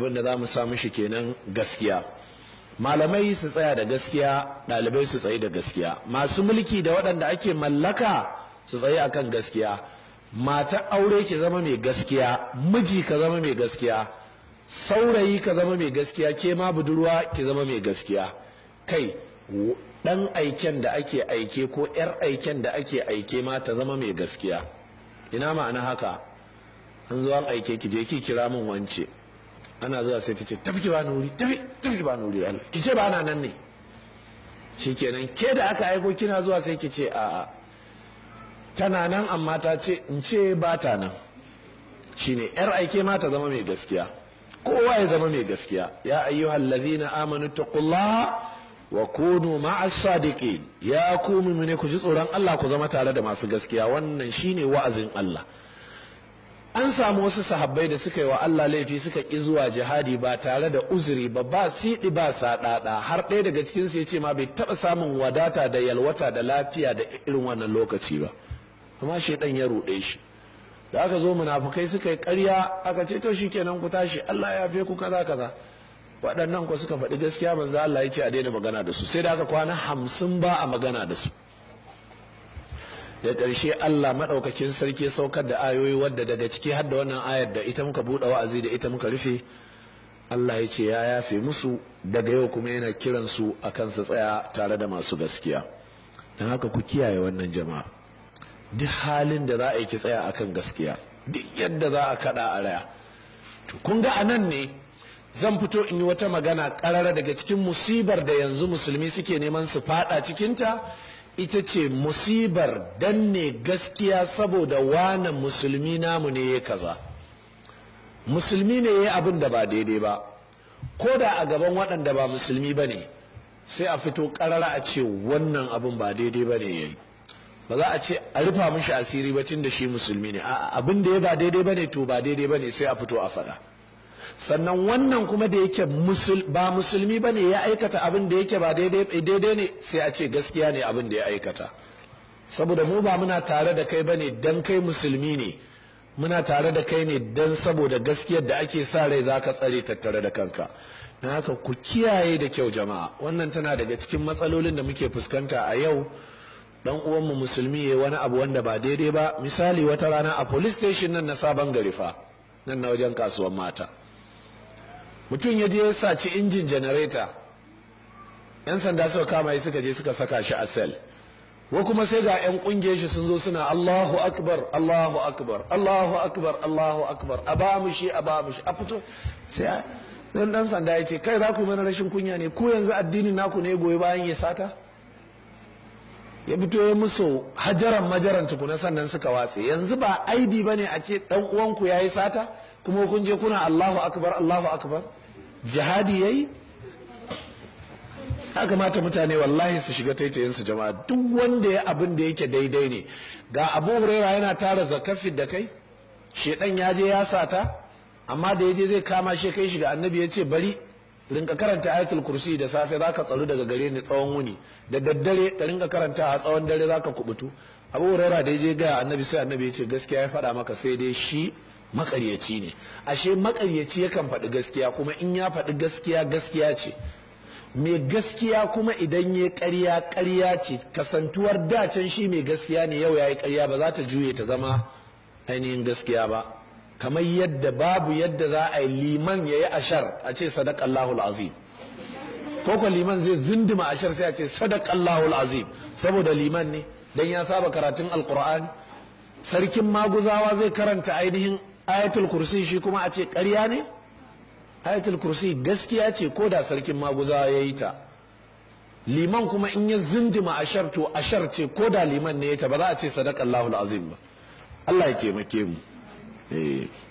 abin da za mu sa mishi kenan gaskiya malamai su tsaya da gaskiya ɗalibai su tsayi da gaskiya masu mulki da waɗanda ake mallaka su tsayi akan gaskiya mata aure ki zama mai gaskiya miji ka zama mai gaskiya saurayi ka zama mai gaskiya ke ma budurwa ki zama mai gaskiya kai ɗan aiken da ake aike ko yar aiken da ake aike ma ta zama mai gaskiya ina ma'ana haka an zo aike ki je ki kira min wance ana zuwa sai ta ce tafi ki bani wuri tafi tafi ki wuri Allah ki ce bana nan ne shikenan ke da aka aiko kina zuwa sai ki ce a'a tana nan amma ta ce in ce ba ta nan shine yar aike ma ta zama mai gaskiya kowa ya zama mai gaskiya ya ayyuhal ladhina amanu taqullaha wa kunu ma'as sadiqin ya ku mu'mine ku ji tsoron Allah ku zama tare da masu gaskiya wannan shine wa'azin Allah an samu wasu sahabbai da suka yi wa Allah laifi suka ƙi zuwa jihadi ba tare da uzuri ba ba siɗi ba saɗaɗa har ɗaya daga cikin su ce ma bai taɓa samun wadata da yalwata da lafiya da irin wannan lokaci ba amma shaidan ya ruɗe shi da aka zo munafukai suka yi ƙarya aka ce to shikenan ku tashi Allah ya fe ku kaza kaza waɗannan ku suka faɗi gaskiya manzo Allah ya ce a daina magana da su sai da aka kwana hamsin ba a magana da su da ƙarshe Allah maɗaukakin sarki saukar da ayoyi wadda daga ciki har da wannan ayar da ita muka buɗe wa'azi da ita muka rufe Allah ya ce ya yafe musu daga yau kuma yana kiransu a kan tsaya tare da masu gaskiya don haka ku kiyaye wannan jama'a duk halin da za a yi ki tsaya akan gaskiya duk yadda za a kaɗa a raya kun ga anan ne zan fito in yi wata magana ƙarara daga cikin musibar da yanzu musulmi suke neman su faɗa cikinta ita ce musibar danne gaskiya saboda wane musulmi namu ne ya kaza musulmi ne ya abin da ba daidai ba ko da a gaban waɗanda ba musulmi ba ne sai a fito ƙarara a ce wannan abin ba daidai ba ne ya yi ba za a ce a rufa mishi asiri ba tun da shi musulmi ne abin da ya ba daidai ba ne to ba daidai ba ne sai a fito a faɗa sannan wannan kuma da yake ba musulmi ba ne ya aikata abin da yake ba daidai ne sai a ce gaskiya ne abin da ya aikata saboda mu ba muna tare da kai ba ne don kai musulmi ne muna tare da kai ne don saboda gaskiyar da ake sa rai za ka tsare tattare da kanka na haka ku kiyaye da kyau jama'a wannan tana daga cikin matsalolin da muke fuskanta a yau dan uwanmu musulmi ya wani abu wanda ba daidai ba misali wata rana a police station nan na sabon garifa, nan na wajen kasuwar mata mutum ya je ya saci injin janareta yan sanda suka kama yi suka je suka saka shi a sel wa kuma sai ga yan kungiyar shi sun zo suna Allahu akbar Allahu akbar Allahu akbar Allahu akbar a ba mu shi a ba mu shi a fito sai dan sanda ya ce kai za ku yi mana rashin kunya ne ko yanzu addinin naku ne goyi bayan ya sata ya fito ya musu hajaran majaran tukuna sannan suka watse yanzu ba aibi ba ne a ce dan uwanku yayi sata kuma kun je kuna Allahu akbar Allahu akbar jihadi ya yi. ya kamata mutane wallahi su shiga taitayin su jama'a duk wanda ya abin da yake daidai ne ga Abu Huraira yana tara zakafi da kai shedan ya je ya sata amma da ya je zai kama shi kai shi ga annabi ya ce bari rinka karanta ayatul kursi da safe zaka tsaru daga gare ni tsawon wuni da daddare ka rinka karanta a tsawon dare zaka kubutu abu huraira da je ga annabi sai annabi ya ce gaskiya ya faɗa maka sai dai shi makaryaci ne ashe makaryaci yakan faɗi gaskiya kuma in ya faɗi gaskiya gaskiya ce mai gaskiya kuma idan ya karya karya ce kasantuwar dacen shi mai gaskiya ne yau ya yi ƙarya ba za ta juye ta zama ainihin gaskiya ba kamar yadda babu yadda za a yi liman ya yi ashar a ce sadakallahu azim ko ko liman zai zindima ashar sai a ce sadakallahu azim saboda liman ne dan ya saba karatun alqur'ani sarkin maguzawa zai karanta ainihin ayatul kursi shi kuma a ce ƙarya ne ayatul kursi gaskiya ce ko da sarkin maguzawa ya yi ta liman kuma in ya zindima ashar to ashar ce ko da liman ne ya ta ba za a ce sadakallahu azim ba Allah ya taimake mu 嗯。